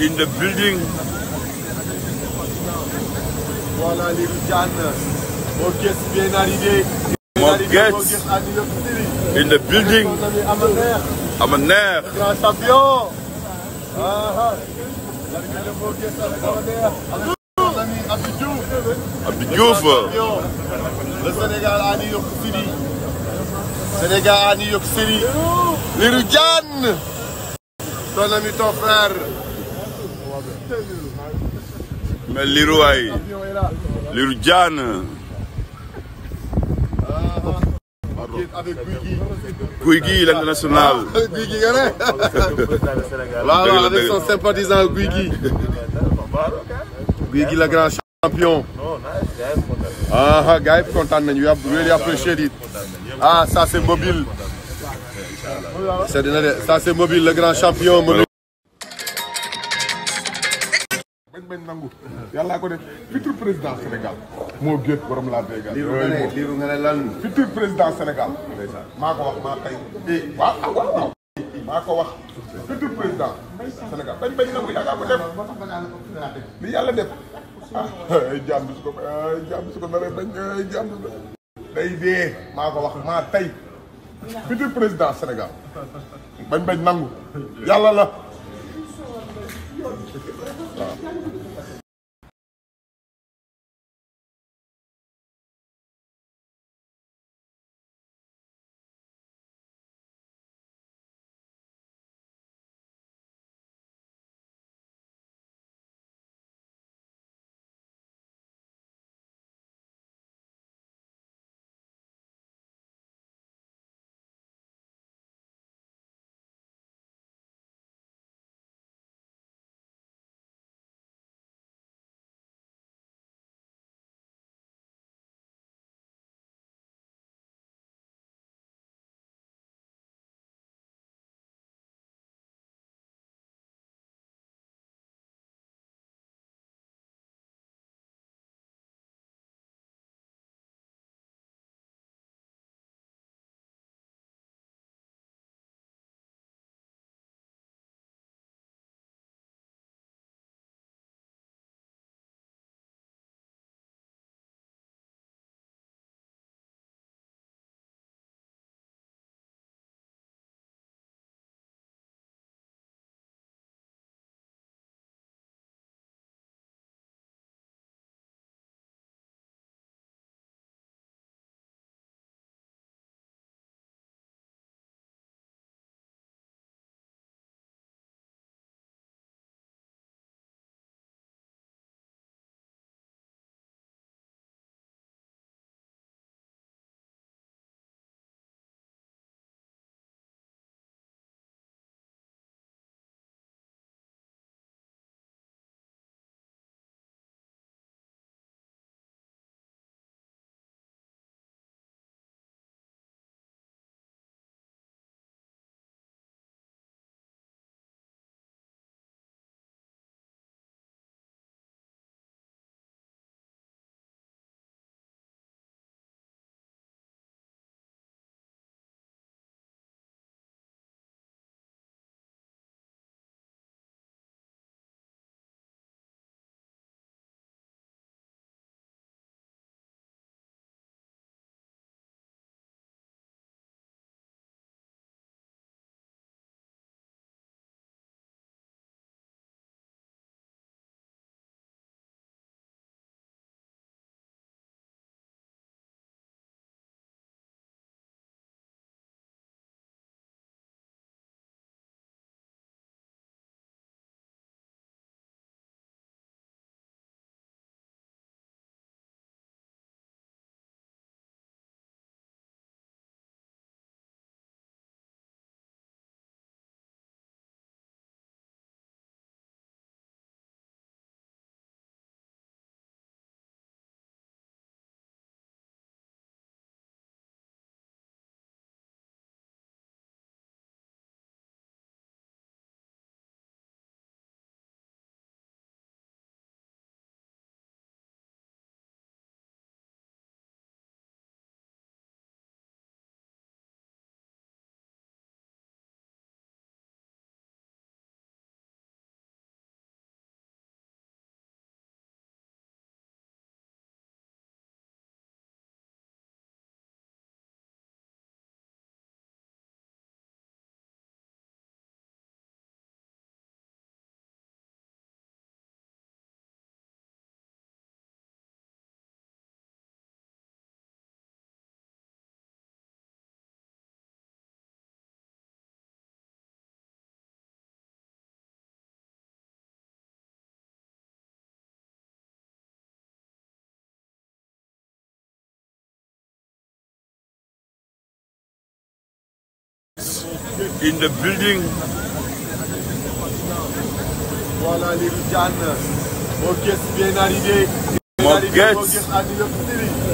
in the building. Voilà les Ricanes. Mogues bien arrivé. in the building. Amaner. Grand champion. Ah, l'arrivée de Mogues à Amaner. Abidjouf. Le Sénégal à New City. Sénégal à New mais Lirou waay Lirou Diane Gouy Gui l'international Gouy Gui gane là là avec son sympathisant Gouy Gui Gouy Gui le grand champion ah, ah gars yi kontaan nañu you have really appreciate it ah ça c'est mobile ça dina de ça c'est mobile le grand lañ bañ nangu yàllaa ko def futur président Sénégal moo géet borom laa dégal liiru nga ne lan futur président Sénégal maa ko wax maa tey eh, waaw ah, waaw waaw maa ko wax futur président Sénégal bañ bañ nangu yàllaa ko def li yàlla def ah, ay jaam bi ko ay jaam bi su ko naree bañ ay jaam wax maa tey futur président Sénégal bañ bañ nangu yàlla la waaw in the building. Voilà les Ricanes. Mogues bien arrivé. Mogues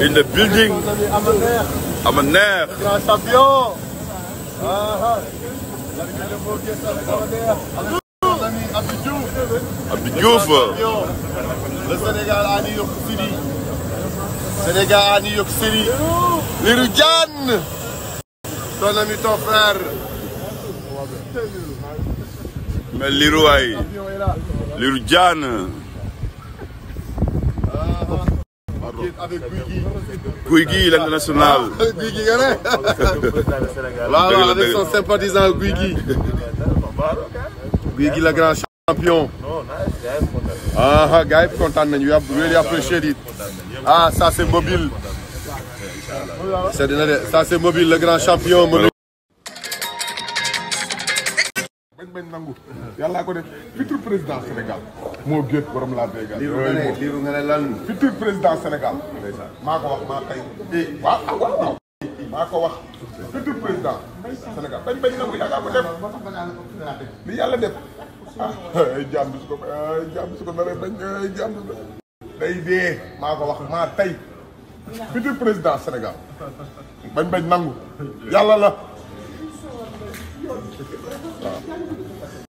in the building. Amaner. Grand champion. Ah, l'arrivée de Mogues avec Amaner. Abdou Diouf le Sénégal à New York City Sénégal à New York City Lirou Diane ton ami ton frère mais Lirou waay Lirou Diane Gouy Gui l'international. Gouy Gui nga ne. waaw waaw avec son sympathisant Gouy Gui. Gouy Gui le grand champion. ah, ah gars yi kontaan nañu yab really appreciate it. ah ça c'est mobile. mobile le grand champion nañ bañ nangu yàllaa ko def futur président Sénégal moo géet borom laa béykat yooyu nga ne futur président Sénégal maa ko wax maa tey eh, waaw ah, waaw waaw maa ko wax futur président Sénégal bañ bañ nangu yàllaa ko ah, su ko jàmm su ko naree bañ ko wax maa tey futur président Sénégal la waaw